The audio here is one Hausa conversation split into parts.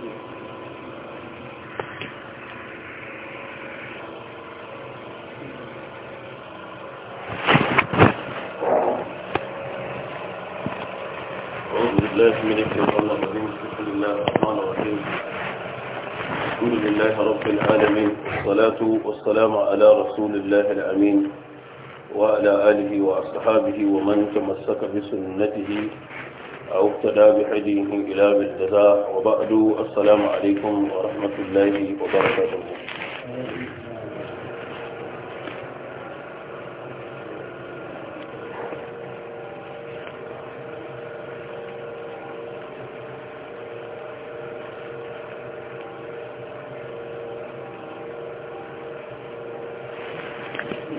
بسم الله الرحمن الرحيم الحمد لله رب العالمين والصلاة والسلام على رسول الله الأمين وعلى آله وأصحابه ومن تمسك بسنته أو اقتدى بهديه إلى بالجزاء وبعد السلام عليكم ورحمة الله وبركاته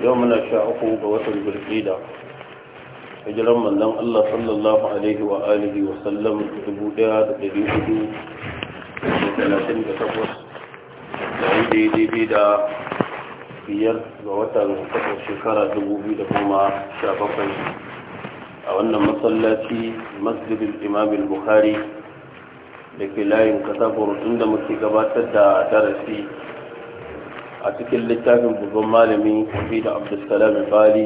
يومنا شاء أخوه وتنزل hijiran manzon Allah sallallahu alaihi wa alihi wa sallam 1438 yayin daidai bi da biyar ga watan takwas shekara bakwai a wannan masallaci masjidin imamin buhari da ke layin kasaforo da muke gabatar da darasi a cikin littafin babban malami da abdulsalam bali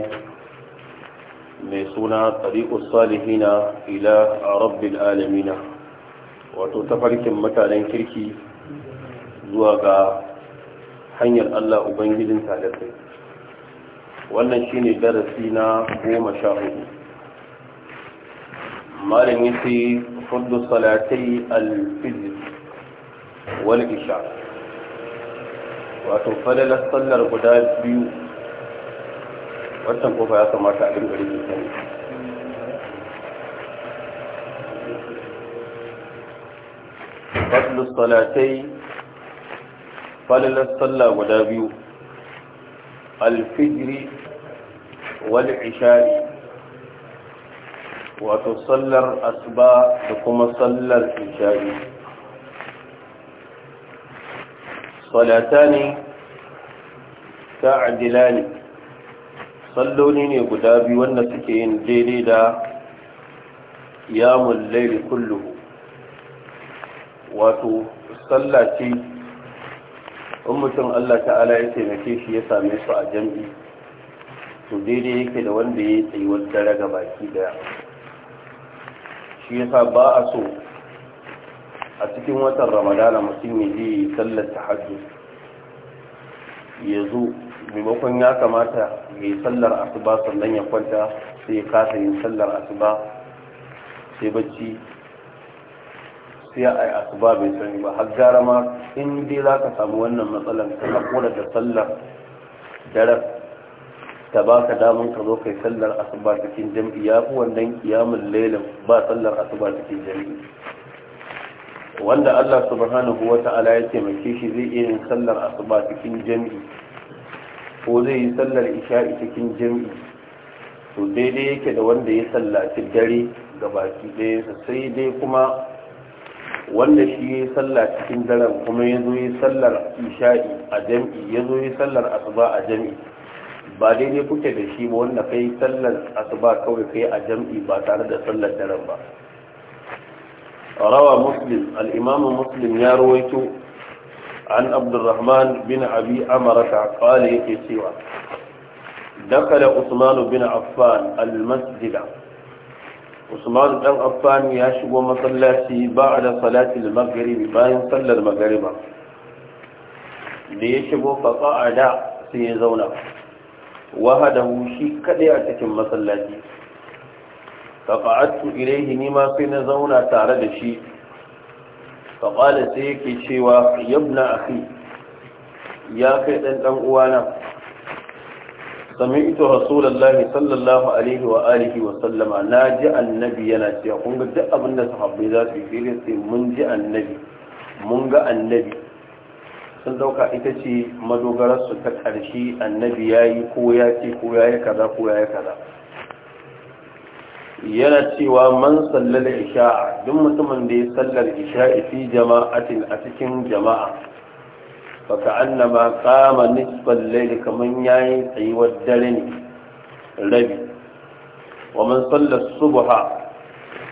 mai suna tariƙus salihina ila a rabbil alamina wato tafarkin mutanen kirki zuwa ga hanyar Allah Ubangijin talatai wannan shine darasi na goma sha hudu malam yace fuddu salatai al wal isha wato falalar sallar guda biyu wancan kofa ya kamata a dinga rikin sani fadlus salatai falalar salla guda biyu alfijiri wal ishari wato sallar asuba da kuma sallar ishari salata ne ta adilani salloli ne guda biyu wanda suke yin daidai da yamun laili kullu wato sallaci in mutum Allah ta'ala ya taimake shi ya same su a jam'i to daidai yake da wanda ya tsayi dare raga baki daya shi yasa ba a so a cikin watan ramadana mutum ya je sallar tahajjud ya zo maimakon ya kamata mai sallar asuba sannan ya kwanta sai ya kasa yin sallar asuba sai bacci sai a yi asuba bai sani ba har gara ma in dai za ka samu wannan matsalar ka hakura da sallar daren ta ba ka damun ka zo kai sallar asuba cikin jam'i ya fi wannan kiyamun lailin ba sallar asuba cikin jam'i wanda Allah subhanahu wa ta'ala ya taimake shi zai iya yin sallar asuba cikin jam'i ko zai yi sallar isha'i cikin jam'i to daidai yake da wanda ya sallaci dare ga baki ɗaya sai dai kuma wanda shi ya salla cikin daren kuma ya zo yi sallar isha'i a jam'i ya zo yi sallar asuba a jam'i ba daidai kuke da shi ba wanda kai sallar asuba kawai kai a jam'i ba tare da sallar daren ba rawa muslim al'imamin muslim ya rawaito عن عبد الرحمن بن أبي أمرة قال يكي سوى دخل عثمان بن عفان المسجد عثمان بن عفان يشبه مصلاتي بعد صلاة المغرب باين صلى المغرب ليشبه فقعد سيزونا وهده شيء كديعتك مصلاتي فقعدت إليه نما سيزونا تعرض شيء faƙala sai yake cewa yabna akhi ya kai ɗanɗan uwana sami ito rasulallahi sallallahu alaihi wa alihi wa sallama na ji annabi yana cewa kun ga duk abin da sahabbai za su yi fili sai mun ji annabi mun ga annabi sun dauka ita ce madogararsu ta ƙarshe annabi ya yi ko ya ce ko ya yi kaza ko ya yi kaza yana cewa man sallar isha'a duk mutumin da ya sallar isha'i fi jama'atin a cikin jama'a baka annama kama nisbal layli kaman yayi tsayuwar dare ne rabi wa man sallar subha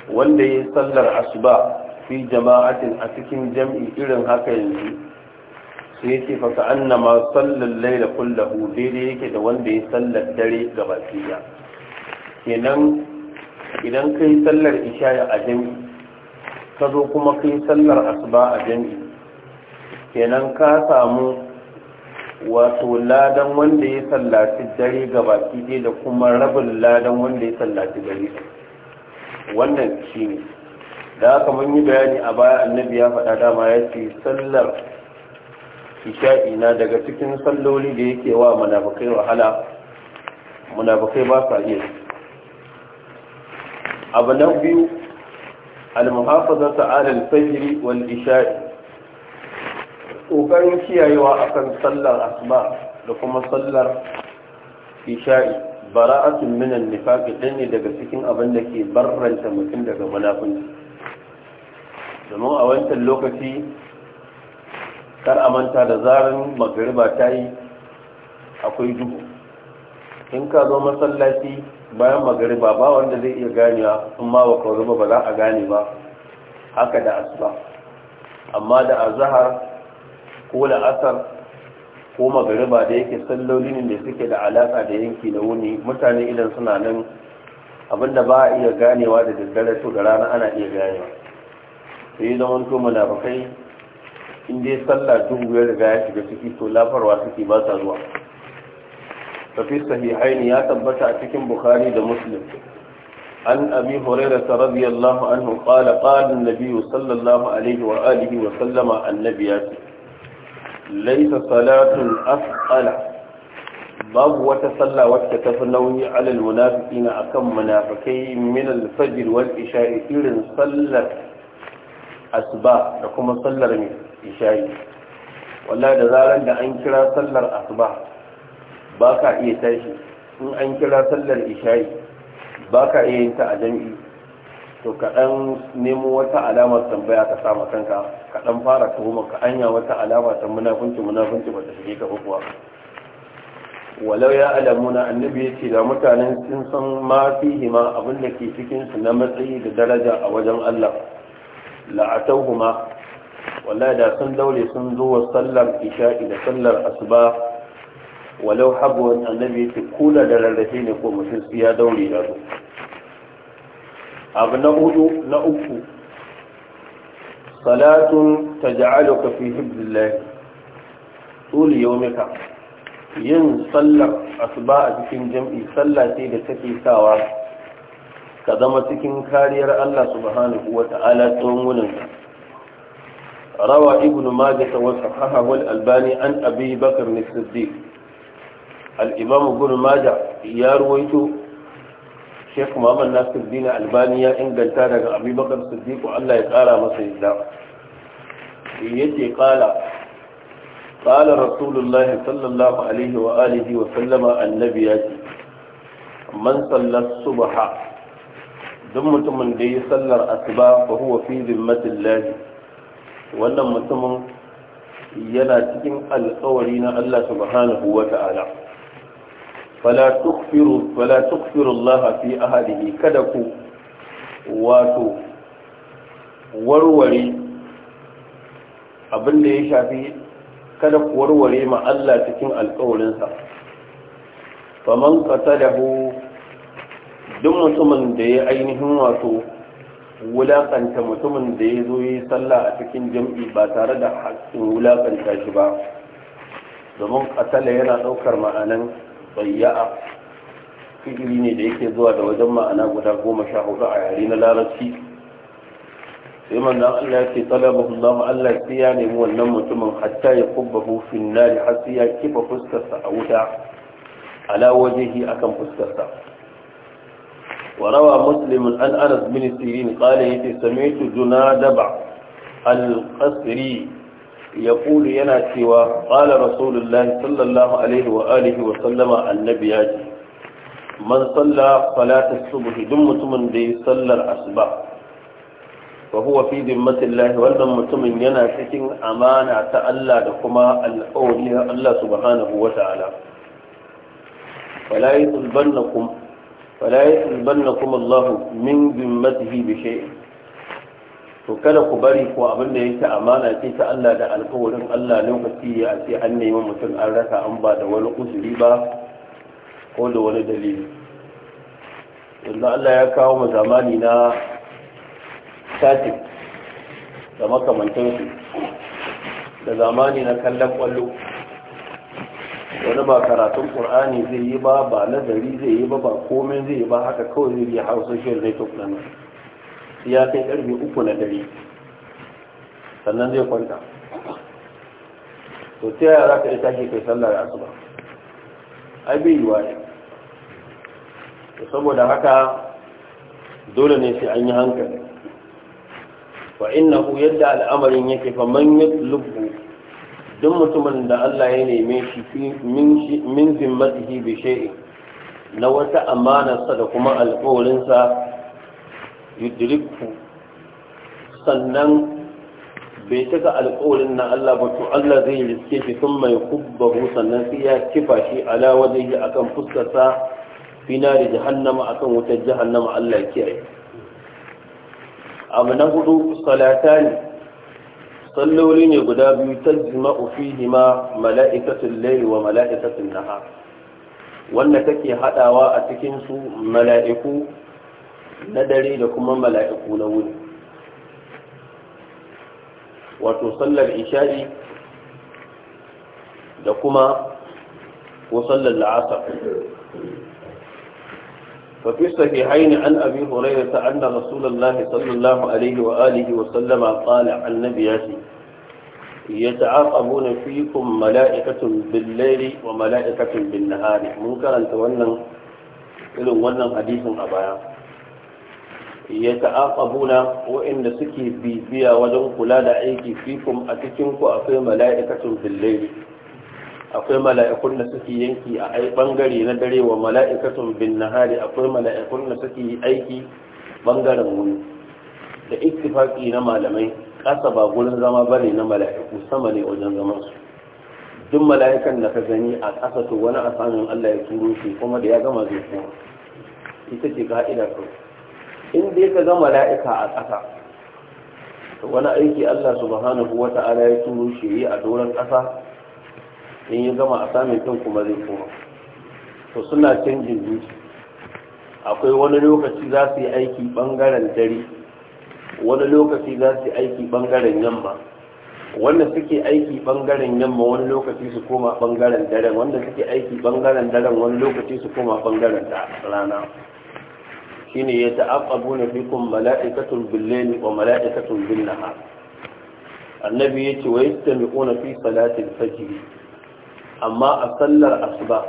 wanda ya sallar asuba fi jama'atin a cikin jam'i irin haka yanzu sai yake faka annama sallar layla kullahu daidai yake da wanda ya sallar dare gaba kenan idan ka yi sallar ishaya a jam'i ka zo kuma ka yi sallar asuba a jam'i kenan ka samu wato ladan wanda ya sallaci dare ga baki da kuma rabin ladan wanda ya sallaci dare wannan shi ne da haka mun yi bayani a baya annabi ya faɗa dama ya ce sallar isha'i na daga cikin salloli da yake wa munafukai wahala munafukai ba sa iya abu na biyu almuhafaza ta'alal fajiri wal isha'i ƙoƙarin kiyayewa akan sallar asma da kuma sallar isha'i bara'atun minan nifaqi ɗin ne daga cikin abin da ke barranta mutum daga munafunci domin a wancan lokaci kar a manta da zarin magariba ta yi akwai duhu in ka zo masallaci bayan magariba ba wanda zai iya ganewa sun ma wa ba za a gane ba haka da asuba amma da azahar ko da asar ko magariba da yake salloli ne da suke da alaƙa da yanki da wuni mutane idan suna nan abinda ba a iya ganewa da daddare to da rana ana iya ganewa sai yi zaman to munafakai in dai sallah duhu ya riga ya shiga ciki to lafarwa suke ba sa zuwa ففي الصحيحين يا ثبت عتكم بخاري ومسلم عن أبي هريرة رضي الله عنه قال قال النبي صلى الله عليه وآله وسلم النبي ليس صلاة أفقل باب وتصلى وتتفنوي على المنافقين أكم منافقي من الفجر والإشاء إلى صلى أسباء لكم صلى من إشاء والله دزالا لأن كرا صلى أسباء ba ka iya tashi in an kira sallar isha'i ba ka iya yin ta a jam'i to kaɗan nemo wata alamar tambaya ka sama kanka kaɗan fara tuhuma ka anya wata alama ta munafunci munafunci ba ta shige ka kuwa walau ya alamuna annabi ya ce da mutanen sun san ma fihi ma abin da ke cikinsu na matsayi da daraja a wajen Allah la'atauhuma wallahi da sun daure sun zo wa sallar isha'i da sallar asuba walau habuwan annabi yake kula da rarrafe ne ko mutum ya daure da su abu na hudu na uku salatun ta ja'aluka fi hibdillahi tuli yaumika yin sallar asuba a cikin jam'i sallah ce da take sawa ka zama cikin kariyar Allah subhanahu wa ta'ala tsawon wuninka روى ابن ماجه وصححه الألباني عن أبي بكر الصديق al'imamu gudun maja ya ruwaito sheikh muhammad nasir dina albani ya inganta daga abubakar siddiqu allah ya kara masa yadda yace kala kala rasulullah sallallahu alaihi wa alihi wa sallama annabi ya ce man sallar subha Don mutumin da ya sallar asuba ba huwa fi zimmatillah wannan mutumin yana cikin alkawari na Allah subhanahu wa ta'ala fala tukfiru fala tukfiru Allah fi ahadihi kada ku wato warware abin da ya shafi kada ku warware ma Allah cikin alƙawarinsa faman hu, duk mutumin da ya ainihin wato wulaƙanta mutumin da ya zo yi sallah a cikin jam'i ba tare da haƙƙin wulakanta shi ba domin ƙasala yana ɗaukar ma'anan bayya'a fi'ili ne da yake zuwa da wajen ma'ana guda goma sha hudu a yare na larabci sai manzon Allah ya ce talabahu Allah Allah sai ya nemi wannan mutumin hatta ya kubbahu fi nari har sai ya kifa fuskarsa a wuta ala wajihi akan fuskarsa وروى مسلم عن أنس بن سيرين قال يتي سمعت جنادب القسري ya kulu yana cewa ƙala rasulullah sallallahu alaihi wa alihi wa sallama annabi ya ji man salla duk mutumin da ya sallar asuba wa huwa fi dimmatillahi wannan mutumin yana cikin amana ta Allah da kuma alƙawari na Allah subhanahu wa fala yi tulbannakum fala yi tulbannakum Allah min dimmatihi bi shay'in to kada ku bari ko abin da yake amana ce ta Allah da alƙawarin Allah lokaci ya ce an nemi mutum an rasa an ba da wani uzuri ba ko da wani dalili yanzu Allah ya kawo mu zamani na static da makamantansu da zamani na kallon kwallo wani ba karatun ƙur'ani zai yi ba ba nazari zai yi ba ba komai zai yi ba haka kawai zai yi hausa shi ne to nan ya kai karfe uku na dare sannan zai kwanta to ta yara ka yi tashi kai sallar asuba ai bai yiwa ne to saboda haka dole ne sai an yi hankali wa ku yadda al'amarin yake fa man yatlubu duk mutumin da Allah ya neme shi min zimmatihi bi shay'in na wata amanarsa da kuma alƙawarinsa yudrikku sannan bai taka alkawarin na Allah ba to Allah zai riske shi sun mai kubbahu sannan sai ya kifa shi ala wajen yi kan fuskarsa fina da jahannama akan wutar jahannama Allah ya kiyaye abu na hudu salata ne salloli ne guda biyu ta jima'u fihima mala'ikatun laili wa mala'ikatun naha wanda take hadawa a cikin su mala'iku na dare da kuma mala'iku na wuni wato sallar isha'i da kuma ko sallar la'asar ففي الصحيحين عن أبي هريرة أن رسول الله صلى الله عليه وآله وسلم قال عن النبي يتعاقبون فيكم ملائكة بالليل وملائكة بالنهار منكرا تولن إلى ولن حديث أبايا ya ta'aqabuna wa'inda suke bibiya wajen kula da aiki fikum a cikin ku akwai mala'ikatun billayli akwai mala'ikun da suke yanki a ai bangare na dare wa mala'ikatun bin nahari akwai mala'ikun da suke aiki bangaren wuni da ittifaqi na malamai kasa ba gurin zama bane na mala'iku sama ne wajen zaman su duk mala'ikan da ka gani a kasa to wani asanin Allah ya turo shi kuma da ya gama zuwa ita ce ka'ida ko in dai ka ga mala'ika a ƙasa wani aiki Allah subhanahu wa ta'ala ya turo shi yi a doron ƙasa in ya gama a samun kyan kuma zai koma to suna canjin zuci akwai wani lokaci za su yi aiki bangaren dare wani lokaci za su yi aiki bangaren yamma wanda suke aiki bangaren yamma wani lokaci su koma bangaren daren wanda suke aiki bangaren daren wani lokaci su koma bangaren rana shine ya ta'aqqabuna fikum mala'ikatun bil-layli wa mala'ikatun bin-nahar annabi yace wa na fi salatil fajr amma a sallar asuba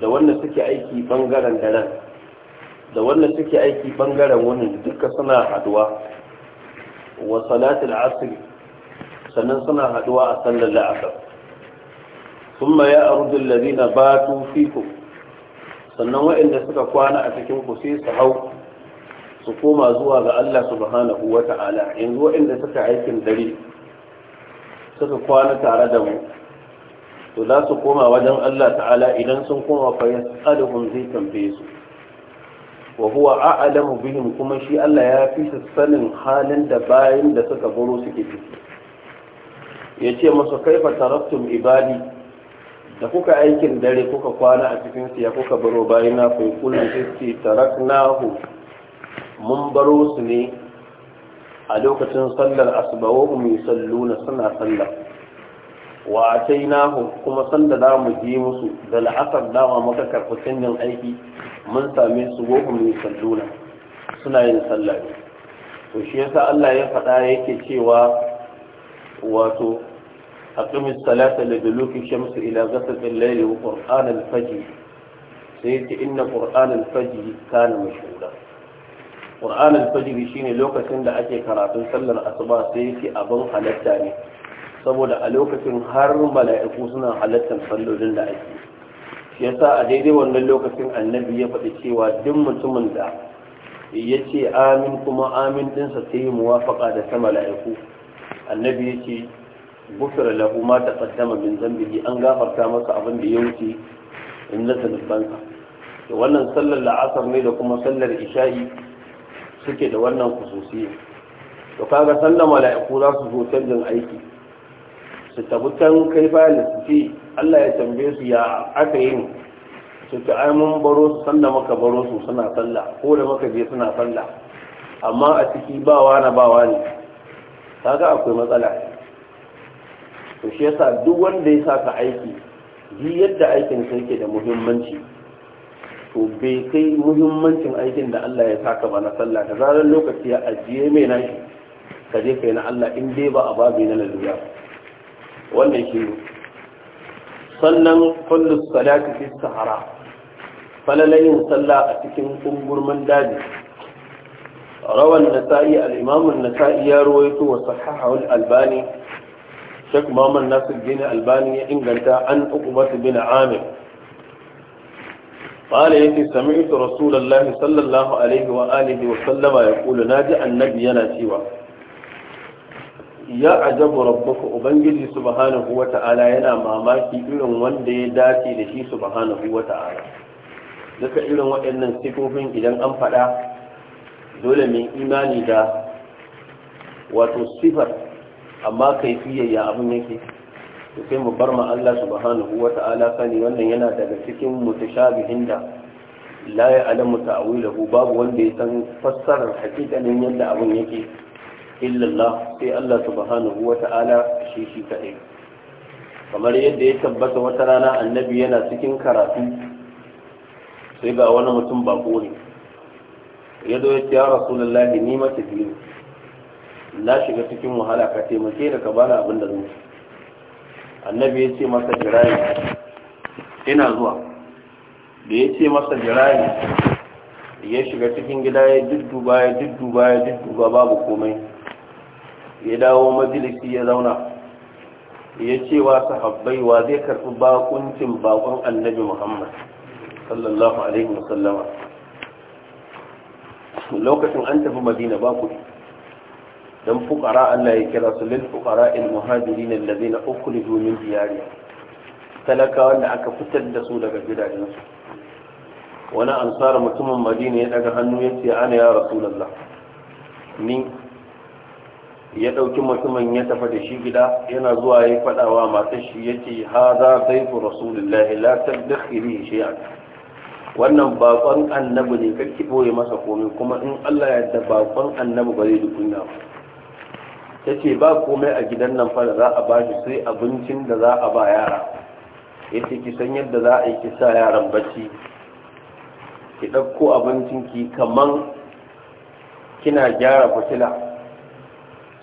da wanda suke aiki bangaren daren da wanda suke aiki bangaren wannan duka suna haduwa wa salatil asr sannan suna haduwa a sallar la'asar ثم يعرض الذين باتوا فيكم sannan waɗanda suka kwana a cikin ku sai su hau su koma zuwa ga Allah subhanahu wa ta'ala yanzu waɗanda suka aikin dare suka kwana tare da mu to za su koma wajen Allah ta'ala idan sun koma fa yas'aluhum zai tambaye su wa huwa a'lamu bihim kuma shi Allah ya fi sanin halin da bayin da suka baro suke ciki yace masa kaifa taraktum ibadi da kuka aikin dare kuka kwana a cikin siya kuka baro bayan na fai kullum tarak taraknahu mun baro su ne a lokacin sallar asbawo mu na suna sallar wa atainahu kuma sanda da mu je musu da la'asar dama muka karɓi canjin aiki mun same su gobe mu na suna yin sallah to shi yasa Allah ya faɗa yake cewa wato أقم الصلاة لدلوك الشمس إلى غسق الليل وقرآن الفجر سيأتي إن قرآن الفجر كان مشهودا قرآن الفجر شيني لوكا سند أتي كراتن صلى الأصبع سيأتي أبن حلتاني saboda a lokacin har mala'iku suna halattar sallolin da ake shi sa a daidai wannan lokacin annabi ya faɗi cewa duk mutumin da ya ce amin kuma amin ɗinsa sai yi muwafaƙa da ta mala'iku annabi ya ce غفر له ما تقدم من ذنبه أن غفر كامك أبن بيوتي إن ذنبك wannan sallar la'asar ne da kuma sallar isha'i suke da wannan kususiya to kaga sallar mala'iku za su zo canjin aiki su can kai fayil su ce Allah ya tambaye su ya aka yin su ta ai mun baro su sanda maka baro su suna sallah ko da maka je suna sallah amma a ciki bawa na bawa ne. kaga akwai matsala to shi yasa duk wanda ya saka aiki ji yadda aikin sa yake da muhimmanci to bai kai muhimmancin aikin da Allah ya saka ba na sallah da zarar lokaci ya ajiye mai nashi ka je kai na Allah in dai ba a babi na lalura wannan shi sannan kullu salati fi sahara falalayin sallah a cikin kungurman daji rawan nasa'i al-imam an-nasa'i ya ruwaito wa sahahahu albani shek muhammad nasir gini albani ya inganta an ukumatu bin amir qala yake sami'tu rasulullahi sallallahu alaihi wa alihi wa sallama yaqulu naji annabi yana cewa ya ajabu rabbuka ubangiji subhanahu wa ta'ala yana mamaki irin wanda ya dace da shi subhanahu wa ta'ala duka irin waɗannan sifofin idan an faɗa dole mai imani da wato sifar amma kaifiyar ya abin yake to sai mu bar ma Allah subhanahu wata'ala sani wannan yana daga cikin mutashabihin da la ya'lamu ta'wilahu babu wanda ya san fassarar hakikanin yadda abin yake illa Allah sai Allah subhanahu wata'ala shi shi kadai kamar yadda ya tabbata wata rana annabi yana cikin karatu sai ga wani mutum bako ne ya zo ya ce ya rasulullahi ni mata biyu na shiga cikin wahala ka taimake da ka bani abin da zan annabi ya ce masa jirayi ina zuwa da ya ce masa jirayi ya shiga cikin gida ya dudduba ya dudduba ya ba babu komai ya dawo majalisi ya zauna ya ce wa sahabbai wa zai karɓi bakuncin bakon annabi muhammad sallallahu alaihi wasallama lokacin an tafi madina ba kuɗi dan fukara Allah ya kira su lil fuqara al muhajirin na ukhriju domin diyarihim Talakawa da aka fitar da su daga gidajensu wani ansara mutumin madina ya daga hannu ya ce ana ya rasulullah ni ya ɗauki mutumin ya tafi da shi gida yana zuwa ya faɗawa masu shi ya ce ha za zaifu rasulullahi la taddakhili shay'an wannan bakon annabi ne kake boye masa komai kuma in Allah ya yarda bakon annabi ba zai dukunya ba ta ce ba komai a gidan nan fara za a ba shi sai abincin da za a ba yara ya ce ki san yadda za a yi ki sa yaran bacci ki ɗauko abincin ki kaman kina gyara fitila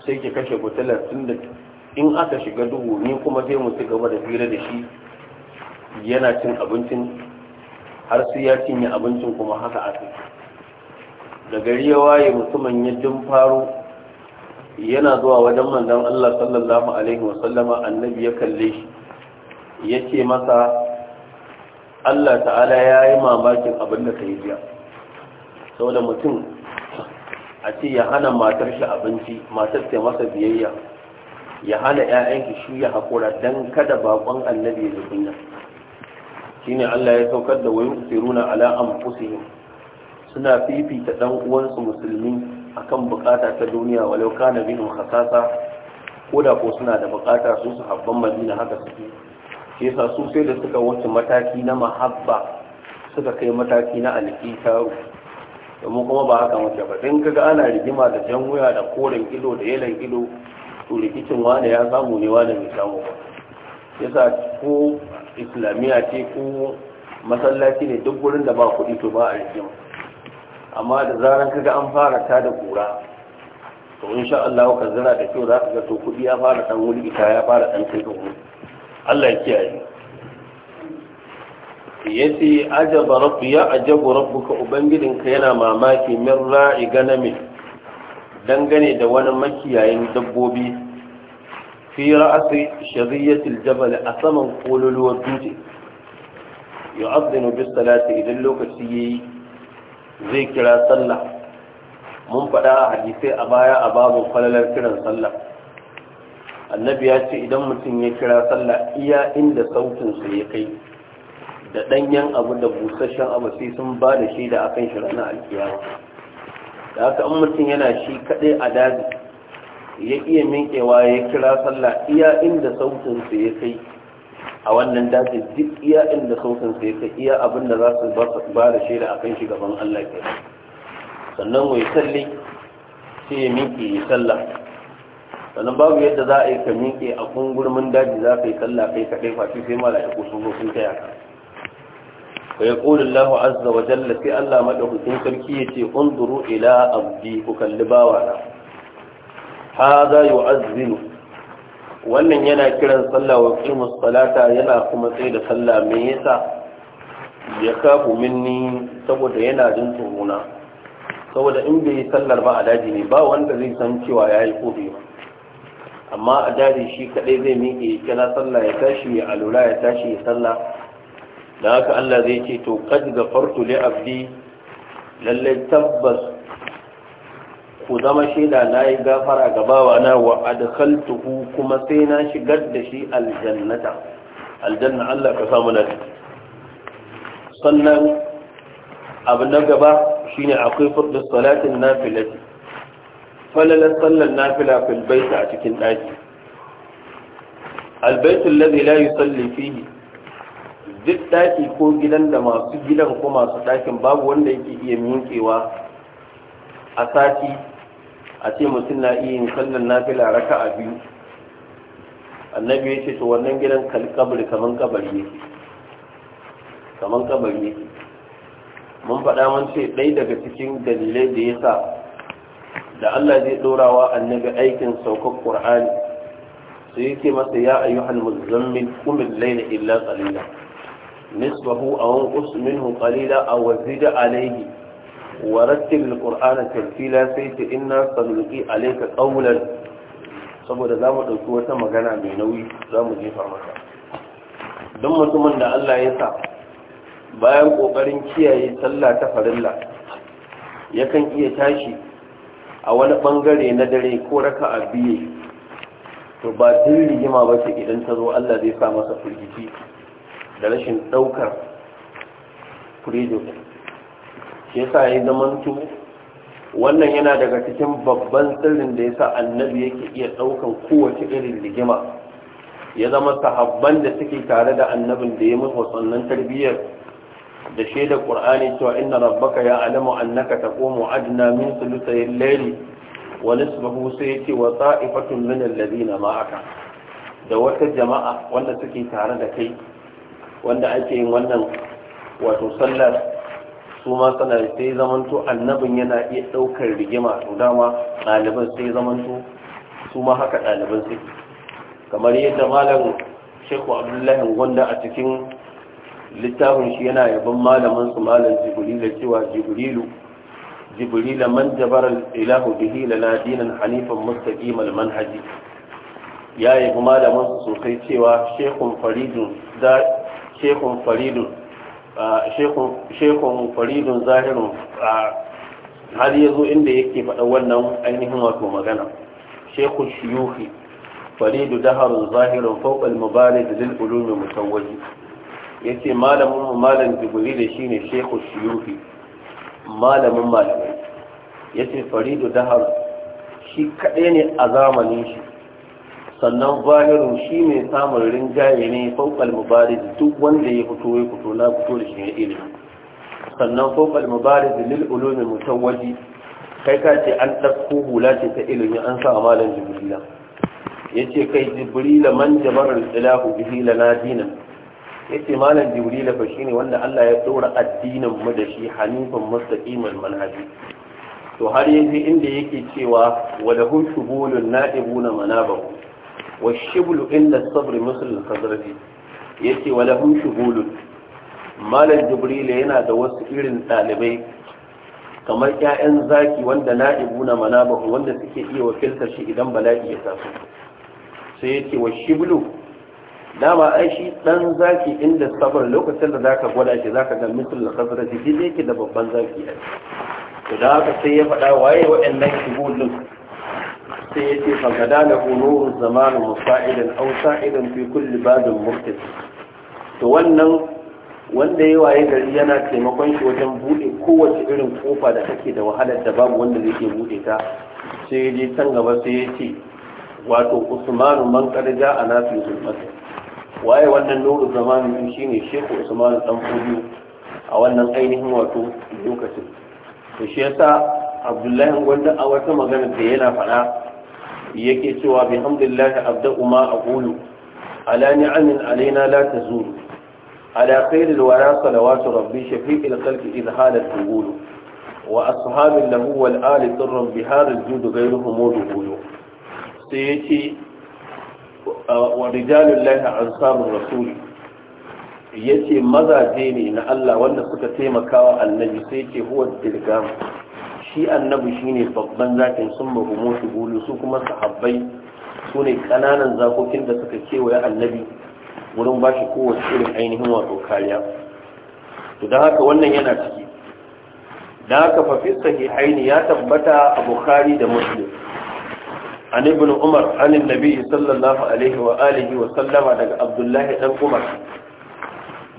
sai ki kashe fitilar tun da in aka shiga duhu ni kuma zai mu ci gaba da fira da shi yana cin abincin har sai ya cinye abincin kuma haka a da gari ya waye mutumin ya faro yana zuwa wajen manzon Allah sallallahu alaihi wasallama annabi ya kalle shi yace masa Allah ta'ala ya yi mamakin abin da ka yi biya saboda mutum a ce ya hana matar shi abinci matar ta masa biyayya ya hana 'ya'yanki shi ya haƙura don kada bakon annabi ya kunya shi ne Allah ya saukar da wayin siruna ala anfusihim suna fifita ɗan uwansu musulmi akan bukata ta duniya walau na bihim hasasa, ko da ko suna da bukata su su habban madina haka suke shi yasa su sai da suka wuce mataki na mahabba suka kai mataki na Alkitaru. domin kuma ba haka mace ba sai kaga ana rigima da jan wuya da koren ido da yalan ido to rikicin wane ya samu ne wane mai samu ba yasa ko islamiyya ce ko masallaci ne duk wurin da ba kuɗi to ba a rigima amma da zaran ga an fara ta da kura to insha Allah ka zira da kyau za ka ga to kudi ya fara dan wuri ita ya fara dan kai ka Allah ya kiyaye yace ajaba ya ajabu rabbuka ubangidinka yana mamaki min ra'i ganami dangane da wani makiyayin dabbobi fi ra'asi shadiyatil jabal a saman kololuwar dutse yu'adhdhinu bis salati idan lokaci yayi zai kira sallah mun faɗa a hadisai a baya a babu falalar kiran sallah annabi ya ce idan mutum ya kira sallah iya inda sautinsa ya kai da ɗanyen abu da busasshen abu sai sun ba da shi da akan shi ranar alkiyama da haka an mutum yana shi kaɗai a daji ya iya minkewa ya kira sallah iya inda sautinsa ya kai a wannan dace duk iya inda sautin sai ka iya abin da za su ba da shaida a kan shi gaban Allah ke sannan wai salli sai ya miƙe ya sallah sannan babu yadda za a yi ka miƙe a kungurmin daji za ka yi sallah kai kaɗai fashi sai mala'iku sun zo sun taya ka yi ya ƙoli Allah azza wa jalla sai Allah maɗaukakin sarki ya ce unduru ila abdi ku kalli bawa na haza yu'azzinu wannan yana kiran sallah wa qimus salata yana kuma tsaye da sallah me yasa ya kafu minni saboda yana jin tsorona saboda in bai yi sallar ba a daji ne ba wanda zai san cewa ya yi kofi ba amma a daji shi kaɗai zai miƙe ya kira sallah ya tashi ya alula ya tashi ya sallah da haka Allah zai ce to qad ghafartu li abdi lallai tabbas ku zama shaida na yi gafara ga na wa adkhaltuhu kuma sai na shigar da shi aljannata aljanna Allah ka samu na sannan abu na gaba shine akwai furdus salatin nafilati falalar sallar nafila fil baita a cikin daki albaitul ladhi la yusalli fihi duk daki ko gidan da masu gidan ko masu dakin babu wanda yake iya minkewa a sati a ce mutum na iya yin na nafila raka a biyu annabi ya ce to wannan gidan kabari kaman kabari ne kaman kabari ne mun faɗa mun ce ɗaya daga cikin dalilai da ya sa da Allah zai ɗorawa annabi aikin saukar ƙur'ani sai yake masa ya ayyuhal muzammil kumin layla illa qalila nisbahu a unqus minhu qalila a zid alaihi. warattil alqur'ana tartila sai ta inna sanulqi alayka qawlan saboda za mu ɗauki wata magana mai nauyi za mu jefa maka don mutumin da Allah ya sa bayan ƙoƙarin kiyaye sallah ta farilla yakan iya tashi a wani ɓangare na dare ko raka a biye to ba din rigima ba ce idan ta zo Allah zai sa masa firgici da rashin ɗaukar firijo shi ya ya zamanto wannan yana daga cikin babban sirrin da yasa annabi yake iya daukan kowace irin rigima ya zama sahabban da suke tare da annabin da ya musu sannan tarbiyyar da shaida qur'ani cewa inna rabbaka ya alamu annaka taqumu adna min thuluthay ya layli wa nisfahu sai yace wa ta'ifatun min alladhina ma'aka da wata jama'a wanda suke tare da kai wanda ake yin wannan wato sallar su ma suna sai zamanto annabin yana iya ɗaukar rigima to dama ɗaliban sai zamanto su ma haka ɗaliban sai kamar yadda malam shekwa abdullahi gwanda a cikin littafin shi yana yaban malamin su malam jibrila cewa jibrilu jibrila man jabara ilahu bihi lana dinan hanifan mustaqimal manhaji ya yi malamin su sosai cewa shekun shekun faridun shekun faridun zahirun har ya zo inda yake faɗa wannan ainihin wato magana shekun shiyuhi faridu daharun zahirun fauƙal mubarak da mai musawwaji ya ce malamin malam jibiri da shi ne shekun shiyuhi malamin malamin. ya ce faridu daharun shi kaɗai ne a zamanin shi sannan zahirin shi ne samun rinjaye ne faukal mubariz duk wanda ya fito ya fito na fito da shi ne ilimi sannan faukal mubariz lil ulumi mutawwaji kai ka ce an ɗauko hula ce ta ilimi an sa malam jibrila ya ce kai jibrila man jabarar ilahu bihi na dinan ya ce malam jibrila fa ne wanda Allah ya ɗora addinin mu da shi hanifan mustaqimul manhaji to har yanzu inda yake cewa wa lahum shubulun na'ibuna manabahu wa shiblu inda sabri musulun kazarfi ya ce wa lahun shigulun malar jibrila yana da wasu irin ɗalibai kamar 'ya'yan zaki wanda na'ibu na manabahu wanda suke iya wakiltar shi idan bala'i ya taso sai ya ce wa shiblu dama ai shi dan zaki inda sabar lokacin da zaka gwada shi zaka ga misal khazra shi yake da babban zafi ai to da haka sai ya faɗa waye waɗannan shigulun sai ya ce fagada da hunurun zamanin musa'idan ausa'idan fi kulli babin murtis to wannan wanda ya waye gari yana taimakon shi wajen buɗe kowace irin kofa da take da wahalar da babu wanda zai ke buɗe ta sai ya can gaba sai ya ce wato usmanu man karja a nafi zulmata waye wannan nuru zamanin shine shehu usmanu dan a wannan ainihin wato lokacin to shi yasa abdullahi wanda a wata magana da yana faɗa yake cewa bi hamdillahi abda'u ma aqulu ala ni'amin alaina la tazulu ala khairil wara salawatu rabbi shafi'il khalqi idh halat wa ashabin lahu wal ali sirran bi hadal judu ghayruhum mudhulu sai yace wa rijalullahi ansabur rasuli ya ce mazaje ne na Allah wanda suka taimakawa annabi sai ce huwa tilgam shi annabi shine babban zakin sun mahumo bulu su kuma sahabbai su ne kananan zakokin da suka kewaye annabi wurin ba shi kowace irin ainihin wato kariya to don haka wannan yana ciki don haka fafi sahihaini ya tabbata a bukhari da muslim an ibn umar an annabi sallallahu alaihi wa alihi wa sallama daga abdullahi dan umar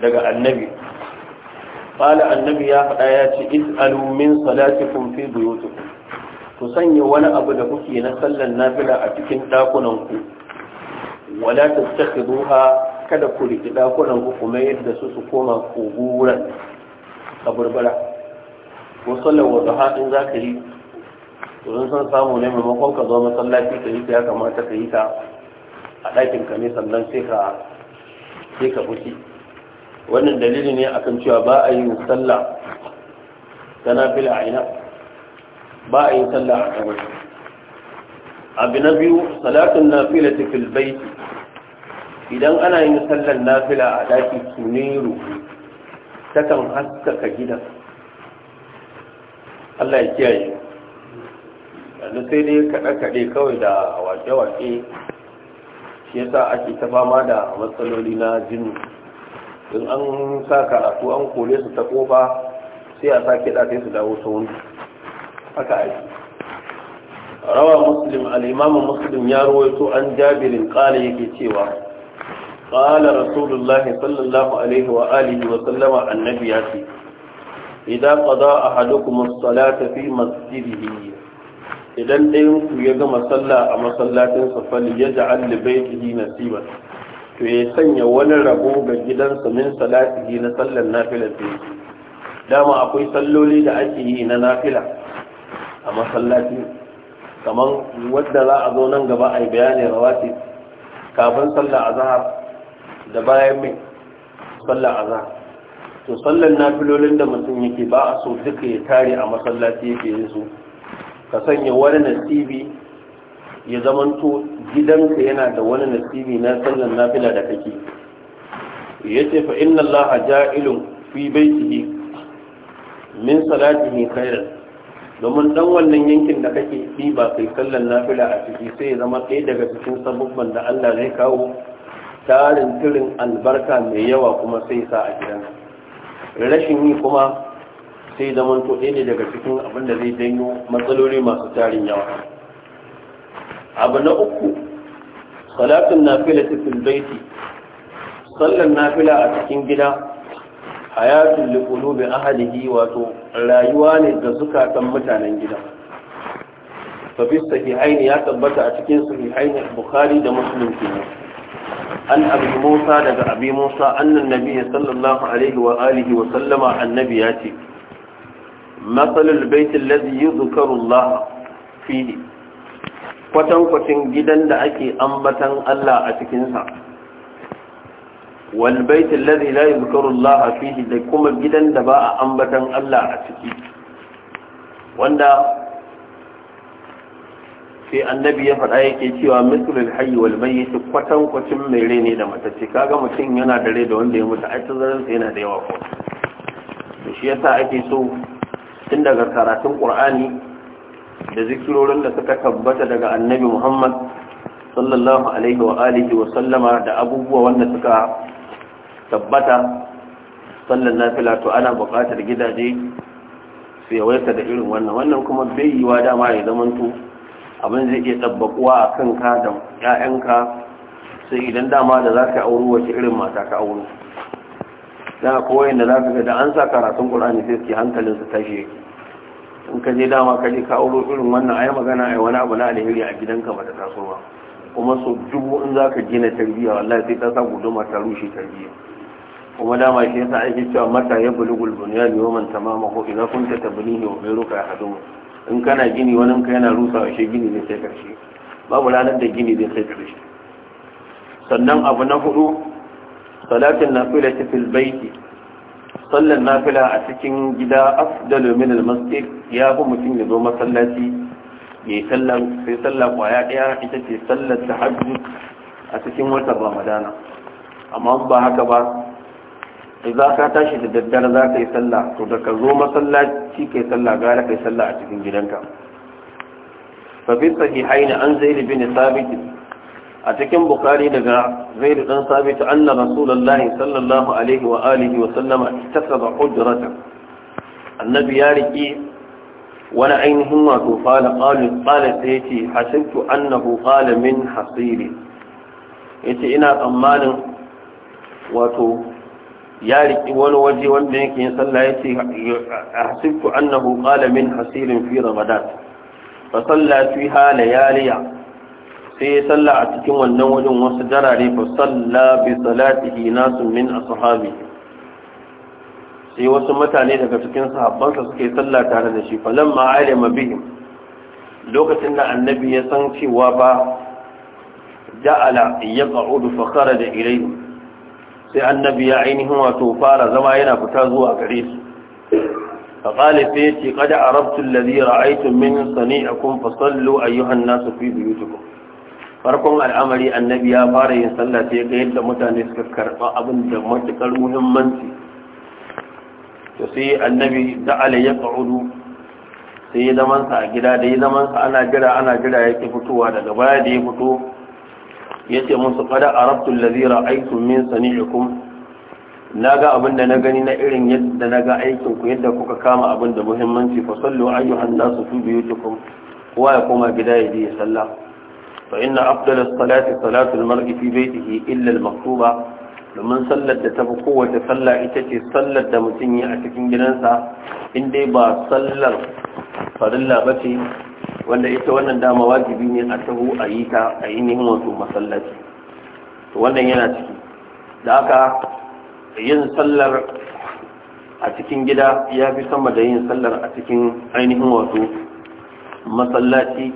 daga annabi qala annabi ya faɗa ya ce is'alu min salatikum fi buyutikum ku sanya wani abu da kuke na sallan nafila a cikin dakunan ku wala tattakhiduha kada ku riki dakunan ku kuma yadda su su koma kuburan kaburbara ko sallar wa duha in ka yi to san samu ne maimakon ka zo masallaci ka yi ta ya kamata ka yi ta a ɗakin ka ne sannan sai ka sai ka fushi wannan dalili ne akan cewa ba a yi sallah ta nafila a ina ba a yi sallah a kamar abu na biyu salatun nafila ta filbai idan ana yin sallan nafila a daki tuniru takan haskaka gidan Allah ya kiyaye yanzu sai dai kaɗe-kaɗe kawai da wake-wake shi yasa ake ta fama da matsaloli na jini in an sa karatu an kore su ta kofa sai a sa kiɗa sai su dawo sauran haka aiki rawa muslim al'imamu muslim ya ruwaito an jabirin ƙala yake cewa ƙala rasulullahi sallallahu alaihi wa alihi wa sallama annabi ya ce idan ƙada a hadukum salata fi masjidihi idan ɗayan ku ya gama sallah a masallatinsa fali ya ja'al li baitihi nasiban to ya sanya wani rabo ga gidansa min salatihi na sallar nafila fi dama akwai salloli da ake yi na nafila a masallaci kamar wadda za a zo nan gaba a yi bayanin rawati kafin sallar azhar da bayan mai sallar azhar to sallar nafilolin da mutum yake ba a so duka ya tare a masallaci yake yin su ka sanya wani nasibi ya zamanto gidanka yana da wani nasibi na sallan nafila da kake yace fa inna Allah ja'ilun fi baitihi min salatihi khairan domin dan wannan yankin da kake yi ba kai sallan nafila a ciki sai ya zama ɗaya daga cikin sabubban da Allah zai kawo tarin tirin albarka mai yawa kuma sai sa a gidan rashin yi kuma sai zaman ɗaya ne daga cikin abin da zai janyo matsaloli masu tarin yawa abu na uku salatun nafila fil baiti sallan nafila a cikin gida hayatun liqulubi ahlihi wato rayuwa ne ga zukatan mutanen gida fa fi sahihain ya tabbata a cikin sahihain bukari da musulunci. kenan an abi musa daga abi musa annan nabi sallallahu alaihi wa alihi wa sallama annabi ya ce مثل البيت الذي يذكر Laha فيه kwatankwacin gidan da ake ambatan Allah a cikinsa walbaitin lari la yi zukarullah a fihi da kuma gidan da ba a ambatan Allah a ciki wanda sai annabi ya faɗa yake cewa mislul hayy wal mayyit kwatankwacin mai rai ne da matacce kaga mutum yana da rai da wanda ya mutu a tazaran sa yana da yawa ko shi yasa ake so tun daga karatun qur'ani da zikirorin da suka tabbata daga annabi Muhammad sallallahu alaihi wa alihi wa sallama da abubuwa wanda suka tabbata sallan nafila to ana buƙatar gidaje su yawaita da irin wannan wannan kuma bai yiwa dama ya zamanto abin zai iya tabbakuwa a kanka da 'ya'yanka sai idan dama da za ka auro wace irin mata ka auru da kowayen da za ka ga da an sa karatun ƙur'ani sai su hankalin su tashi in ka je dama ka je ka auro irin wannan yi magana ai wani abu na alheri a gidanka ba da tasowa. ba kuma so dubu in za ka gina tarbiyya wallahi sai ta sa guduma ta rushe tarbiyya kuma dama shi yasa ake cewa mata ya bulugul bunyan yawman tamama ko idan kunta ne mai ruka ya hadu in kana gini wani ka yana rusawa shi gini ne sai karshe babu ranar da gini ne sai karshe sannan abu na hudu salatin nafila ta fil baiti sallar nafila a cikin gida afdalu min al-masjid ya fi mutum ya zo masallaci ya sallar sai sallar kwaya daya ita ce sallar tahajjud a cikin watan ramadana amma ba haka ba idan ka tashi da daddare za ka yi sallah to da ka zo masallaci kai sallah gara kai sallah a cikin gidanka fa fi sahihain an zaid bin sabit a cikin bukari daga zai da ɗan sabi ta annar rasulullahi sallallahu alaihi wa alihi wa sallama ta saba hujjarata annabi ya riƙe wani ainihin wato fala ƙalin ya ce hasibtu annahu ƙala min hasiri ya ce ina tsammanin wato ya riƙi wani waje wanda yake yin sallah ya ce hasibtu annahu ƙala min hasirin fi ramadan fa salla fi halayaliya sai ya salla a cikin wannan wajen wasu jarare fa salla bi salatihi nasu min ashabi sai wasu mutane daga cikin sahabbansa suke salla tare da shi falamma alima bihim lokacin da annabi ya san cewa ba ja'ala yaq'udu fa kharaja ilayhim sai annabi ya ainihin wato fara zama yana fita zuwa gare su فقال فيتي قد عرفت الذي رأيتم من صنيعكم فصلوا أيها الناس في بيوتكم farkon al'amari annabi ya fara yin sallah sai ga yadda mutane suka karɓa abin da matuƙar muhimmanci to sai annabi da'ala ya ƙa'udu sai ya zamansa a gida da ya zamansa ana jira ana jira ya fitowa daga baya da ya fito ya ce musu kada a rabtun lazira aikin min sani'ikum na ga abin da na gani na irin yadda na ga aikinku yadda kuka kama abin da muhimmanci fa sallu ayyuhan nasu fi biyutikum kowa ya koma gida ya je ya sallah فإن أفضل الصلاة صلاة المرء في بيته إلا المكتوبة domin sallar da ta fi kowace sallah ita ce sallar da mutum yi a cikin gidansa inda ba sallar farilla ba ce wanda ita wannan dama wajibi ne a taho a yi ta a ainihin wasu masallaci wannan yana ciki da aka yin sallar a cikin gida ya fi sama da yin sallar a cikin ainihin wasu masallaci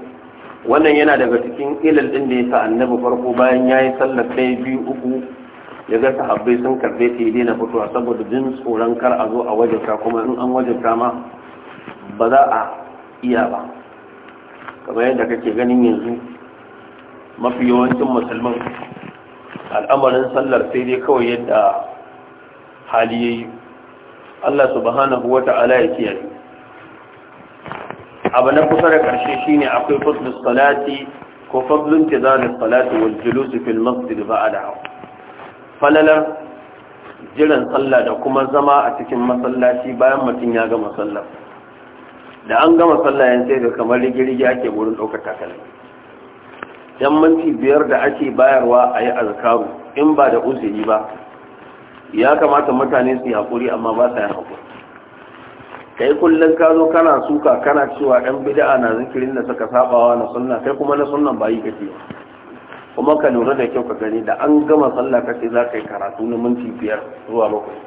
wannan yana daga cikin ilal din da yasa annabi farko bayan yayi yi sallar ɗaya biyu uku ya ga sahabbai sun karɓe ta daina fitowa saboda jin tsoron kar a zo a wajenta kuma in an wajenta ma ba za a iya ba kamar yadda kake ganin yanzu mafi yawancin musulman al'amarin sallar sai dai kawai yadda hali ya yi allah subhanahu wa ta'ala ya kiyaye abu na kusa da ƙarshe shi ne akwai fadlus salati ko fadlun tizarin salati wal julus fil da ba'da falalar jiran sallah da kuma zama a cikin masallaci bayan mutum ya gama sallah da an gama sallah yan sai da kamar rigirgi ake wurin ɗaukar takalmi yan minti biyar da ake bayarwa a yi azkaru in ba da uzuri ba ya kamata mutane su yi haƙuri amma ba sa yi haƙuri kai kullum ka zo kana suka kana cewa ɗan bida'a na zikirin da suka sabawa na sunna kai kuma na sunnan bayi kake kuma ka lura da kyau ka gani da an gama sallah kace za ka yi karatu na minti biyar zuwa bakwai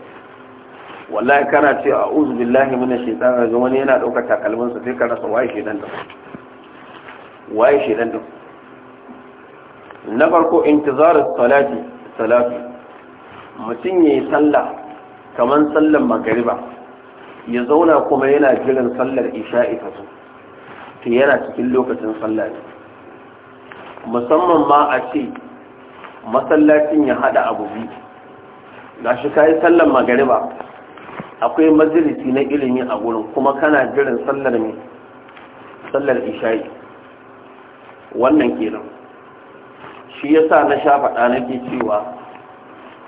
wallahi kana ce a uzu billahi mina shaitan ga wani yana ɗaukar takalminsa sai ka rasa waye shaitan da waye shaitan da na farko intizarar salati salati mutum ya yi sallah kamar sallan magariba ya zauna kuma yana jiran sallar isha'i ta su to yana cikin lokacin sallah musamman ma a ce masallacin ya haɗa abu biyu ga shi kayi sallar magariba akwai majalisi na ilimi a wurin kuma kana jiran sallar ne sallar isha'i wannan kenan shi ya sa na sha faɗa nake cewa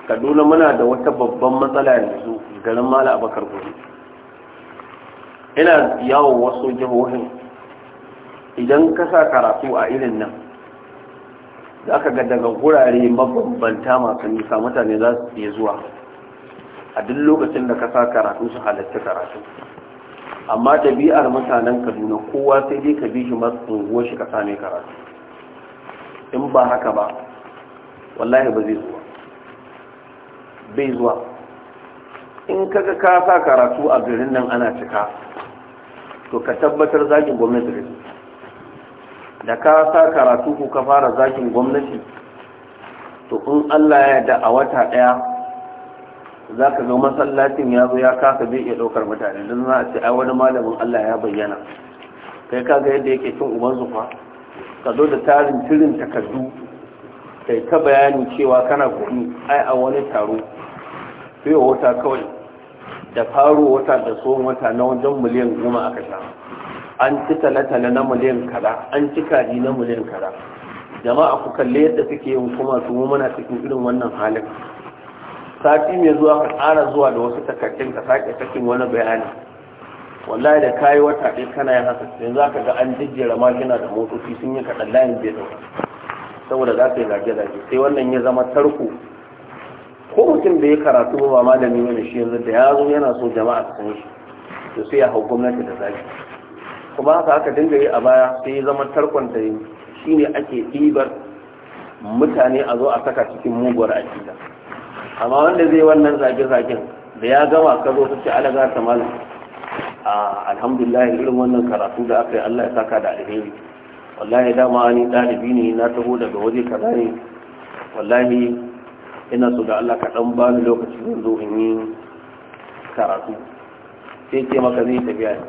kaduna muna da wata babban matsala yanzu garin mala abakar gobe ina yawon wasu jihohin idan ka sa karatu a irin nan za ka ga daga gurare mabambanta masu nisa mutane za su iya zuwa a duk lokacin da ka sa karatu su halatta karatu amma ɗabi'ar mutanen kaduna kowa sai dai ka bi shi matsunguwar shi ka same karatu in ba haka ba wallahi ba zai zuwa bai zuwa in kaga ka sa karatu a garin nan ana cika to ka tabbatar zakin gwamnati da da ka sa karatu ko ka fara zakin gwamnati to in Allah ya yarda a wata daya za ka ga masallacin ya zo ya kasa bai iya ɗaukar mutane don za a ce ai wani malamin Allah ya bayyana kai ka ga yadda yake cin uban zufa ka zo da tarin tirin takardu kai ta bayani cewa kana kuɗi ai a wani taro sai wata kawai da faro wata da tsohon wata na wajen miliyan goma aka sha an ci talatala na miliyan kada an ci kaji na miliyan kada jama'a ku kalle yadda suke yin kuma su mu muna cikin irin wannan halin sati mai zuwa ka tsara zuwa da wasu takardun ka sake sakin wani bayani wallahi da kayi wata ɗaya kana yin haka sai za ka ga an jijjera makina da motoci sun yi kaɗan layin bai saboda za ka yi zage-zage sai wannan ya zama tarko ko mutum da ya karatu ba malami wani shi yanzu da ya zo yana so jama'a su shi to sai ya hau gwamnati da zaki kuma haka aka dinga yi a baya sai ya zama tarkon da shine ake ɗibar mutane a zo a saka cikin muguwar akida amma wanda zai wannan zage-zagen da ya gama ka zo sace alaga ta malam alhamdulillah irin wannan karatu da aka yi Allah ya saka da alheri wallahi dama ni ɗalibi ne na taho daga waje kaza ne wallahi ina so da Allah ka dan ba ni lokacin zo in yi karatu sai ce maka zai tafiya ne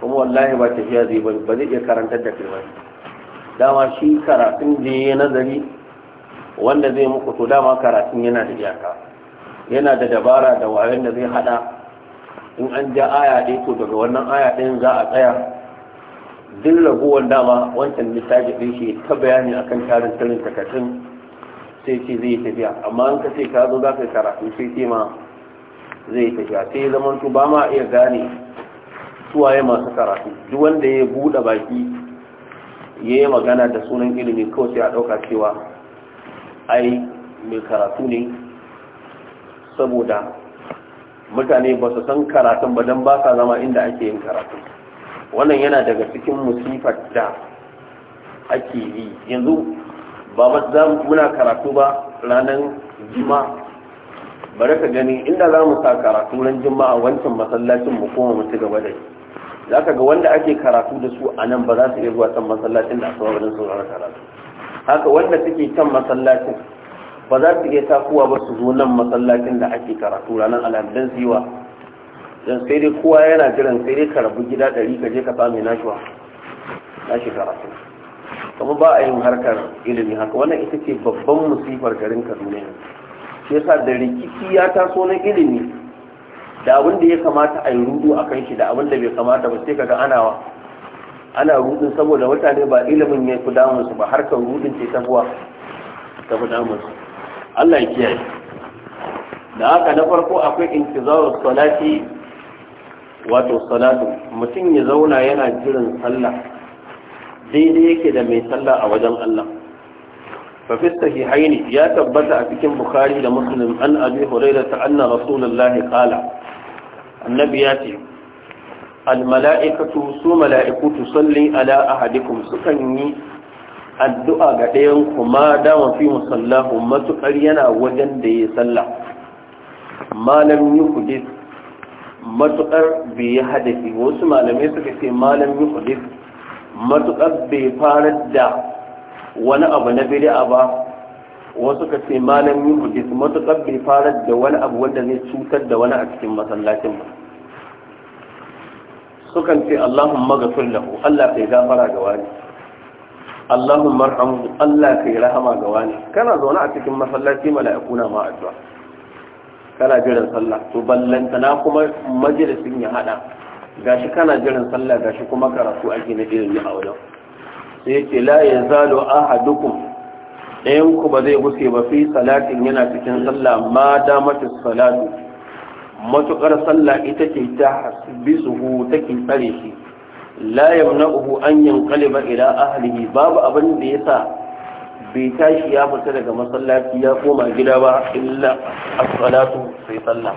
kuma wallahi ba tafiya zai bari ba zai iya karantar da kai dama shi karatun da ya nazari wanda zai muku to dama karatun yana da iyaka yana da dabara da wayan da zai hada in an ja aya ɗaya to daga wannan aya ɗayan za a tsaya duk raguwar dama wancan littafi ɗin shi ta bayani akan tarin tarin takatun sai ce zai tafiya amma an ka ce ka zo za ka karatu sai ce ma zai tafiya sai zaman ba ma iya gane suwaye masu karatu duk wanda ya buɗe baki ya yi magana da sunan ilimi kawai sai a ɗauka cewa ai mai karatu ne saboda mutane ba su san karatun ba don ba sa zama inda ake yin karatu wannan yana daga cikin musifar da ake yi yanzu ba muna karatu ba ranar jima bari ka gani inda za mu sa karatu ran jima a wancan masallacin mu koma mu ci gaba da za ka ga wanda ake karatu da su a nan ba za su iya zuwa can masallacin da asuwa wajen sauraron karatu haka wanda suke can masallacin ba za su iya takuwa ba su zo nan masallacin da ake karatu ranar alhamdan su wa don sai dai kowa yana jiran sai dai ka rabu gida ɗari ka je ka samu nashuwa na shi karatu kuma ba a yin harkar ilimi haka wannan ita ce babban musifar garin kaduna shi yasa da rikici ya taso na ilimi da abin da ya kamata a yi rudu a kan shi da abin da bai kamata ba sai kaga ana ana rudin saboda mutane ba ilimin ya fi damun ba harkar rudin ce ta buwa ta fi damun Allah ya kiyaye da haka na farko akwai intizaru salati wato salatu mutum ya zauna yana jiran sallah daidai yake da mai sallah a wajen Allah fa fi sahihaini ya tabbata a cikin bukhari da muslim an abi hurairah ta anna rasulullahi qala annabi ya ce al mala'ikatu su mala'iku tusalli ala ahadikum sukan yi addu'a ga ɗayan kuma dama fi musallahu matuƙar yana wajen da ya sallah malam yi matuƙar bai yi wasu malamai suka ce malam yi matuƙar bai farar da wani abu na bid'a ba wasu ka ce malam yin buke matuƙar bai farar da wani abu wanda zai cutar da wani a cikin masallacin ba sukan ce allahumma ga lahu allah kai gafara ga wani allahumma arhamu allah kai rahama ga wani kana zaune a cikin masallaci mala'ikuna ma addu'a kana jiran sallah to ballantana kuma majalisin ya hada gashi kana jiran sallah gashi kuma karatu ake na ilimi a aure. sai ce la ya zalo ahadukum ɗayan ku ba zai guske ba fi salatin yana cikin sallah ma damatu salatu matuƙar sallah ita ce ta hasbisuhu take tsare shi la uhu an yanqaliba ila ahlihi babu abin da yasa bai tashi ya fita daga masallaci ya koma gida ba illa as-salatu sai sallah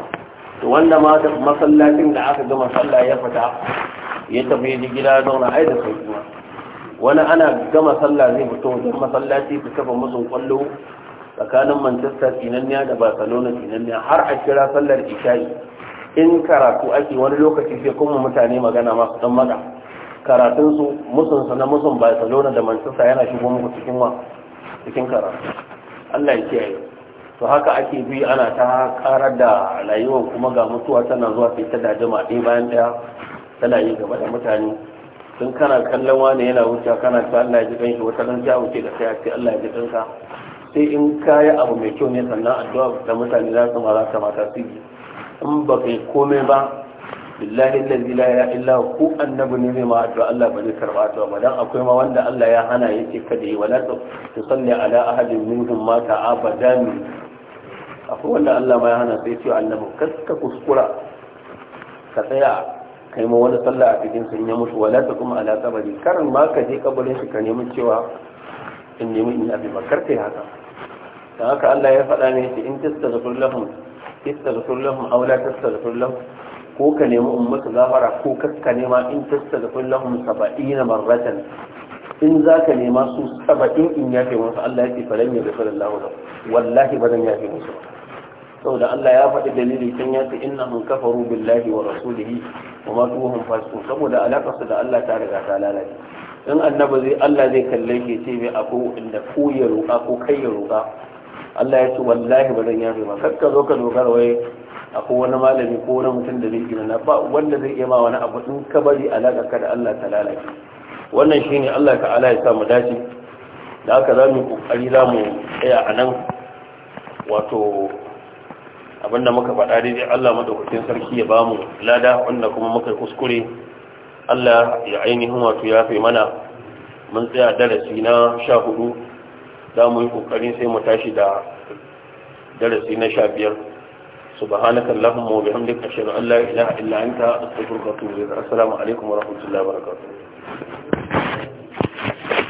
to wanda ma masallacin da aka gama sallah ya fita ya tafi ji gida zauna ai da sauki ma wani ana gama sallah zai fito wajen masallaci su kafa musu kwallo tsakanin manchester kinanniya da barcelona kinanniya har a kira sallar isha'i in karatu ake wani lokaci sai kuma mutane magana masu dan maka karatunsu musunsa na musun barcelona da manchester yana shigo muku cikin wa cikin karatu allah ya kiyaye to haka ake bi ana ta karar da rayuwar kuma ga mutuwa tana zuwa fita ta ma ɗaya bayan ɗaya tana yi gaba da mutane tun kana kallon wani yana wuce kana ta Allah ji kanshi wata nan ta wuce da kai ce Allah ya ji kanka sai in kayi abu mai kyau ne sannan addu'a da mutane za su mara ta mata su in ba kai komai ba billahi allazi la ilaha illa ku annabi ne ma addu'a Allah ba zai karba addu'a ba dan akwai ma wanda Allah ya hana yake kada yi wala tusalli ala ahadin minhum mata abadan akwai wanda Allah ma ya hana sai ce annabi kaska kuskura ka tsaya kai ma wani sallah a cikin sun ya mutu wala ta kuma ala kabari karin ma ka je kabarin shi ka nemi cewa in nemi in abi bakar kai haka dan haka Allah ya faɗa ne ce in tastaghfir lahum tastaghfir lahum aw la tastaghfir lahum ko ka nemi ummatu zafara ko kaska nema in tastaghfir lahum 70 marratan in za ka nema su saba'in in yafe musu Allah ya ce falan ya gafi Allah wallahi ba zan yafe musu ba saboda Allah ya faɗi dalili sun ya ce innahum kafaru billahi wa rasulihi wa ma tuhum fasiqun saboda alaƙar su da Allah ta riga ta lalace in annabi zai Allah zai kalle ki ce mai ako inda ko ya roƙa ko kai ya roƙa Allah ya ce wallahi ba zan yafe ba kakka zo ka dogara wai ako wani malami ko wani mutum da zai gina na ba wanda zai iya ma wani abu in ka bari alaka ka da Allah ta lalace wannan shine Allah ka ya sa mu dace da haka za mu yi ƙoƙari za mu tsaya a nan wato abinda muka faɗa daidai Allah madaukakin sarki ya bamu lada wanda kuma muka kuskure Allah ya ainihin wato ya fi mana mun tsaya darasi na sha hudu za mu yi kokarin sai mu tashi da darasi na sha biyar subhanaka allahumma wa bihamdika ashhadu an la ilaha illa anta astaghfiruka wa atubu ilaik assalamu alaikum wa rahmatullahi wa barakatuh